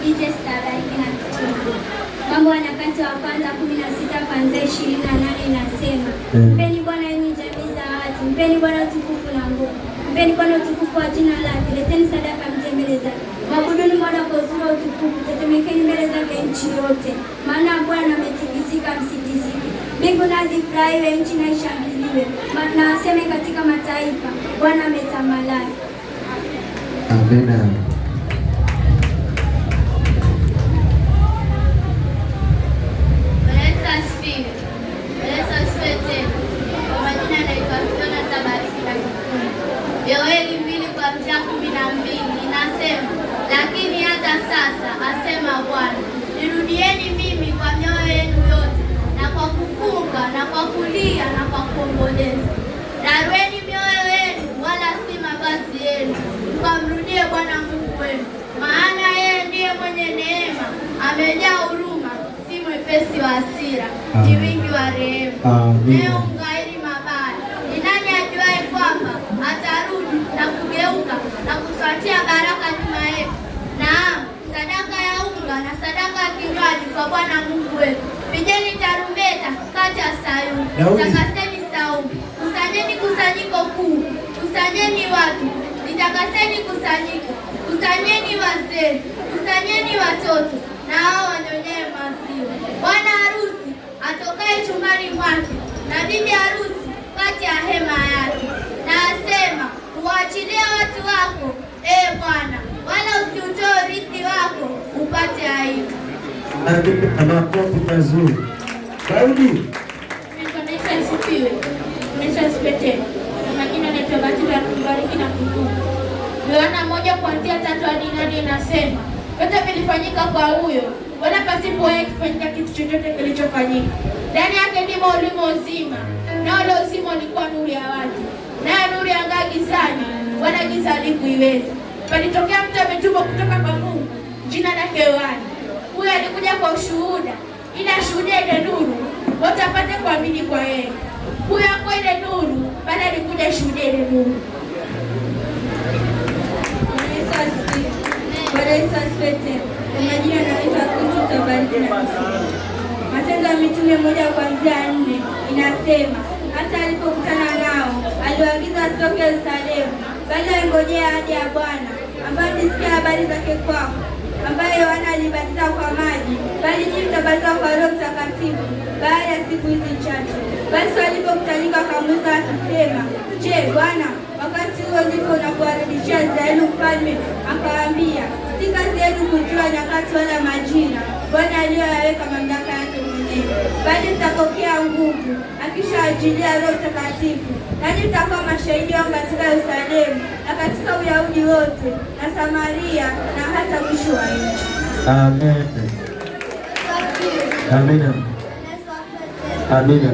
BJ Starehe na Kitundu. Mambo ya Nyakati wa Kwanza kumi na sita kuanzia ishirini na nane inasema mm. mpeni Bwana yenu jamii za watu, mpeni Bwana utukufu na nguvu, mpeni Bwana utukufu wa jina lake, leteni sadaka mje mbele zake, mwabuduni Bwana kwa uzuri wa utukufu, tetemekeni mbele zake nchi yote, maana Bwana ametikisika, msitikisike. Mbingu nazi zifurahiwe, nchi na ishangilie, na waseme katika mataifa, Bwana ametamalaki. Amina. kwa kulia na kwa kuomboleza. Narueni mioyo yenu, wala si mavazi yenu, mkamrudie Bwana Mungu wenu, maana yeye ndiye mwenye neema, amejaa huruma, si mwepesi wa hasira, ni wingi wa rehema. litakaseni sauti, kusanyeni kusanyiko kuu, kusanyeni watu, nitakaseni kusanyiko, kusanyeni wazee, kusanyeni watoto na hao wanyonyaye maziwa. Bwana harusi atokaye chumbani mwake na bibi harusi kati ya hema yake, na asema uwaachilie watu wako, ee Bwana, wala usiutoe urithi wako upate aibu. Makofi mazuri Daudi asifiwe. Yesu asifiwe. Kwa majina naitwa Matilda, kubariki na kutubu. Yohana moja kuanzia tatu hadi nane inasema yote vilifanyika kwa huyo, wala pasipo yeye kifanyika kitu chochote kilichofanyika. Ndani yake ndimo ulimo uzima, nao ule uzima ulikuwa nuru ya watu, nayo nuru yang'aa gizani, wala giza halikuiweza. Palitokea mtu ametumwa kutoka kwa Mungu, jina lake Yohana. Huyo alikuja kwa ushuhuda, ili ashuhudie ile nuru wote apate kuamini kwa yeye. Huyo ako ile nuru, baada alikuja kushuhudia ile nuru. Matendo ya Mitume moja kuanzia nne inasema hata alipokutana nao aliwaagiza wasitoke Yerusalemu, bali waingojea hadi ya Bwana ambayo nisikia habari zake kwao, ambaye Yohana alibatiza kwa maji, bali nyinyi mtabatizwa kwa Roho Mtakatifu siku hizi chache. Basi walipomtalika wakamuuliza akisema, Je, Bwana, wakati huo ndipo nakuwarudishia Israeli mfalme? Akawaambia, si kazi yenu kujua nyakati wala majina Bwana aliyoyaweka mamlaka yake mwenyewe, bali mtapokea nguvu akishaajilia Roho Mtakatifu, nanyi mtakuwa mashahidi wangu katika Yerusalemu na katika Uyahudi wote na Samaria na hata mwisho wa nchi. Amen. Amen. Amina.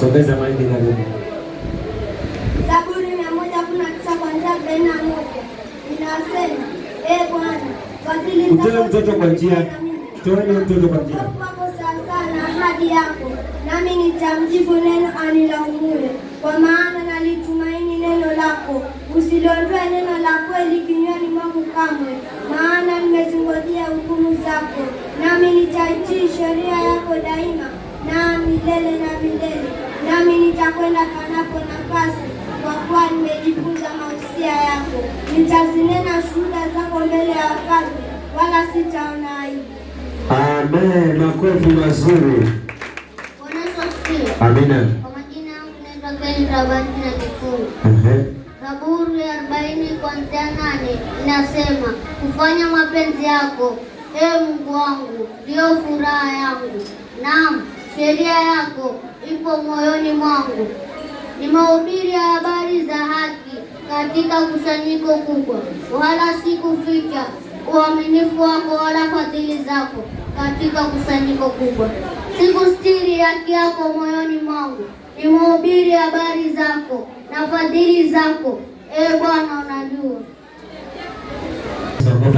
Sogeza maiki karibu. Zaburi mia moja kumi na tisa kuanzia arobaini na moja inasema, e Bwana, fadhili zako mtoto kwa njia toeni mtoto kwa njia sana ahadi yako, nami nitamjibu neno anilaumuye, kwa maana nalitumaini neno lako. Usiliondoe neno la kweli kinywani mwangu kamwe, maana nimezingojea hukumu zako, nami nitaitii sheria yako daima na milele na milele, nami nitakwenda panapo nafasi, kwa kuwa nimejifunza mausia yako. Nitazinena shuhuda zako mbele ya wafalme, wala sitaona aibu. Amen. Makofi mazuri. Amina. Kwa majina yangu naitwa Ken Rabati na -huh arobaini kuanzia nane inasema, kufanya mapenzi yako ee Mungu wangu ndiyo furaha yangu, naam sheria yako ipo moyoni mwangu. Nimehubiri habari za haki katika kusanyiko kubwa, wala sikuficha uaminifu wako wala fadhili zako katika kusanyiko kubwa. Sikustiri haki yako moyoni mwangu, nimehubiri habari zako na fadhili zako Eh, Bwana unajua.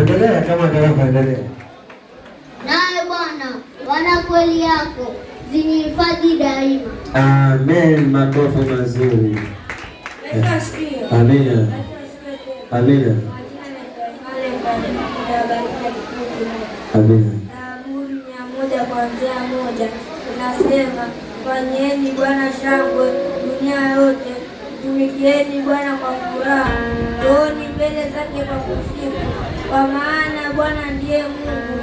Endelea kama navyoendelea. Nawe Bwana, wana kweli yako zinihifadhi daima. Amen, makofi mazuri. Amina. Amina. Amina. Amri mia moja kuanzia moja unasema, fanyeni Bwana shangwe dunia yote Mtumikieni Bwana kwa furaha, njooni mbele zake kwa kusifu, kwa maana Bwana ndiye Mungu,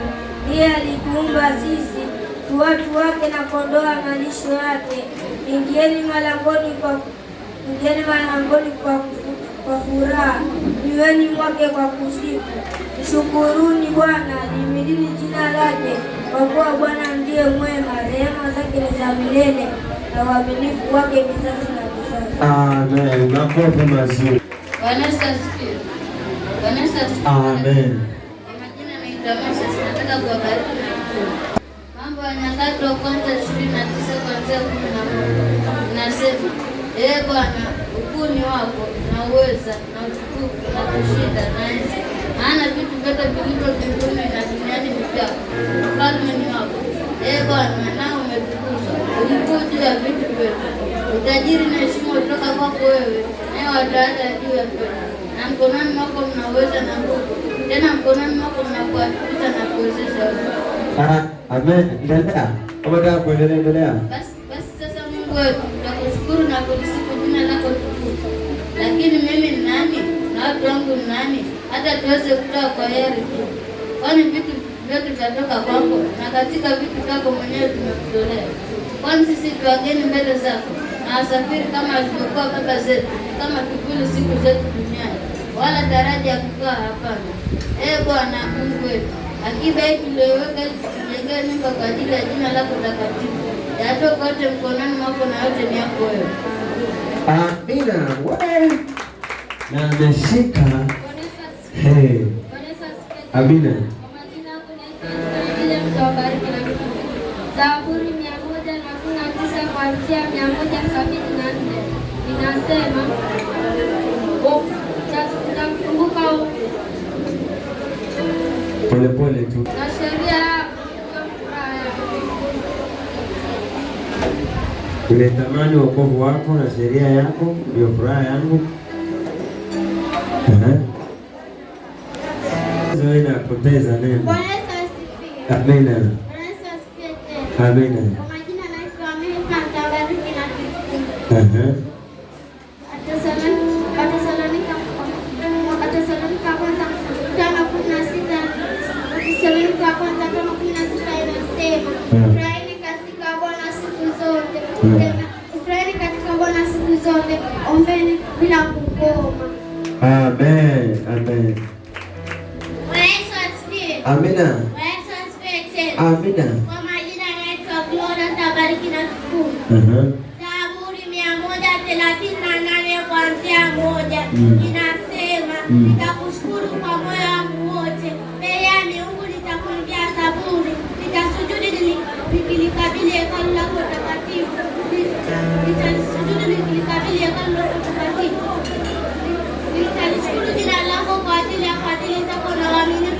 ndiye alikuumba sisi tu watu wake na kondoa malisho yake. Ingieni malangoni kwa ingieni malangoni kwa, kwa furaha, jiweni mwake kwa kusifu, shukuruni Bwana, limilini jina lake, kwa kuwa Bwana ndiye mwema, rehema zake ni za milele na uaminifu wake vizazi Amen. Makofi mazuri. Amen. Kwa majina naitwa nataka kuwabariki Mambo ya Nyakati wa Kwanza ishirini na tisa kuanzia kumi na moja nasema ee Bwana ukuu ni wako na uweza na utukufu na kushinda na enzi, maana vitu vyote vilivyo mbinguni na duniani ni vyako, ufalme ni wako ee Bwana ulipo juu vitu vyote. Utajiri na heshima hutoka kwako wewe, naye watawala juu ya vyote, na mkononi mwako mnaweza na nguvu, tena mkononi mwako mnakuatukuza na kuwezesha watu. Ah, endelea Basi sasa, Mungu wetu, nakushukuru na kulisifu jina lako tukufu. Lakini mimi ni nani na watu wangu ni nani hata tuweze kutoa kwa hiari tu? Kwani vitu vyote vitatoka kwako, na katika vitu vyako mwenyewe tumekutolea kwani sisi tu wageni mbele zako na wasafiri kama alivyokuwa baba zetu, kama kivuli siku zetu duniani, wala daraja ya kukaa hapana. Ee Bwana Mungu wetu, akiba hii tuliyoweka ili nyumba kwa ajili ya jina lako takatifu, yatoka yote mkononi mwako na yote ni yako wewe. Amina. na ameshika hey. Amina kuanzia mia moja sabini na nne inasema takumbuka oh, polepole oh. tu na sheria nimetamani wokovu wako na sheria yako ndio furaha yangu. Inapoteza neno. Amina, amina. Amina. Amina. Kwa majina naitwa Gloria, tabariki na kufunga. Mhm thelathini na nane kuanzia moja mm. inasema, mm. nitakushukuru kwa moyo wangu wote, mbele ya miungu nitakuimbia zaburi, nitasujudi nikilikabili hekalu lako takatifu, nitalisujudu nikilikabili hekalu lako takatifu, nitalishukuru jina lako kwa ajili ya fadhili zako na uaminifu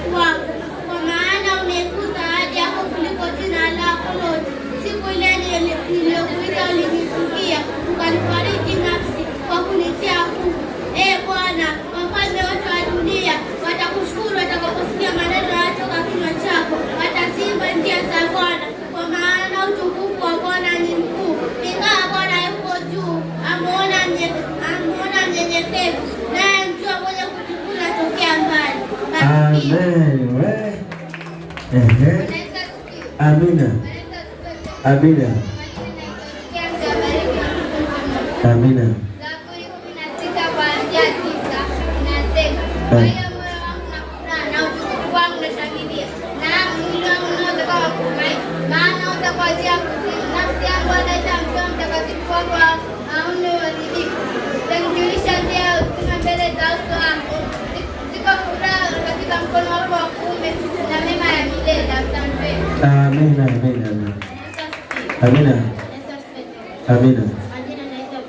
Amen. Ehe. Uh-huh. Amina. Amina. Amina. Thank you katika mkono wako wa kuume na mema ya milele utampewa. Amina, amina, amina, amina. Majina naitwa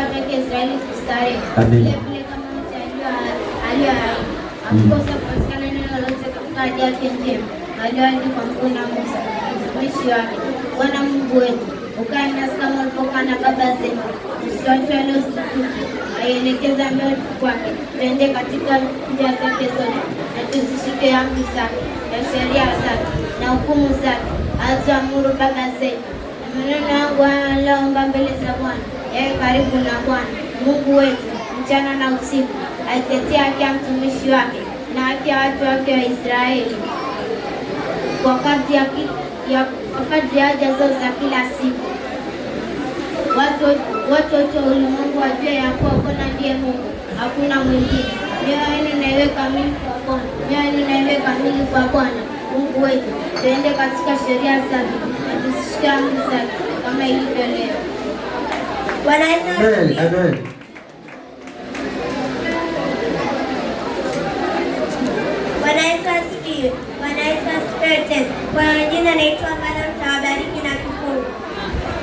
mm-hmm. Israeli kustarehe, vile kama mtu aliyo mm. kupatikana neno lolote katika ahadi yake njema aliyoahidi kwa mkuu na Musa mtumishi wake Bwana Mungu wetu ukae nasi kama ulivyokaa na baba zetu. Msiwaache waliotukuka, aielekeza mbele kwake, tuende katika njia zake zote, na tuzishike amri zake na sheria zake na hukumu zake alizoamuru baba zetu. Maneno yangu haya niliyoomba mbele za Bwana yawe karibu na Bwana Mungu wetu mchana na usiku, aitetea haki ya mtumishi wake na haki ya watu wake wa Israeli wakati ya kadri haja zao za kila siku. Watu wote wa ulimwengu wajue ya kuwa Bwana ndiye Mungu, hakuna mwingine. Mioyo yenu na iwe kamili kwa Bwana, mioyo yenu na iwe kamili kwa Bwana Mungu wetu. Tuende katika sheria zake na tusishike amri zake kama ilivyo leo. Bwana Yesu, amen. Bwana Yesu asifiwe. Curtis. Kwa majina naitwa Madam Tawabariki na Kifungu.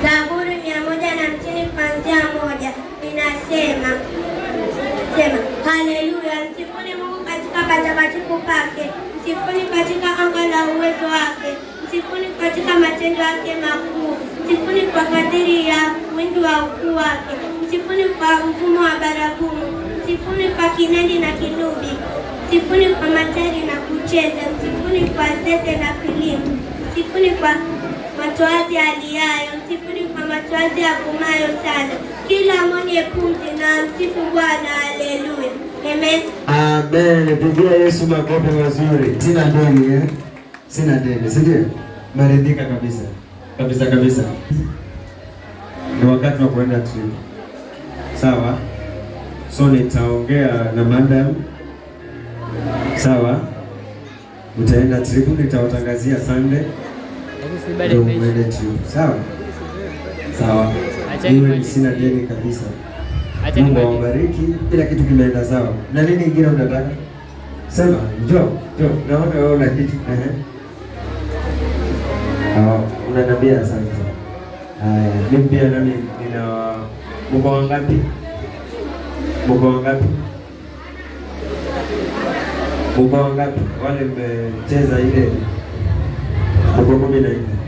Zaburi mia moja na hamsini kuanzia moja inasema sema, haleluya! Msifuni Mungu katika patakatifu pake, msifuni katika anga la uwezo wake, msifuni katika matendo yake makuu, msifuni kwa kadiri ya wingi wa ukuu wake, msifuni kwa mfumo wa baragumu, msifuni kwa kinandi na kinubi sifuni kwa matari na kucheza, sifuni kwa zete na kilimu sifuni kwa matoazi aliayo, sifuni kwa matoazi avumayo sana, kila mwenye pumzi na msifu Bwana. Aleluya, amen, amen. Pigia Yesu makofi mazuri. Sina deni eh? Sina deni, sindio ndio? Maridhika kabisa kabisa kabisa. Ni wakati wa kuenda tu, sawa? So nitaongea na madam sawa. Utaenda tribune, nitawatangazia Sunday ndio mwende sawa sawa. Iwe ni sina deni kabisa. Mungu awabariki, kila kitu kimeenda sawa. Na nini ingine unataka sema? Njoo, njoo, naona wewe una kitu unaniambia. Asante. Haya, mimi pia nami nina. Mko wangapi? Mko wangapi? Ubao ngapi? Wale mmecheza ile ubao kumi na nne.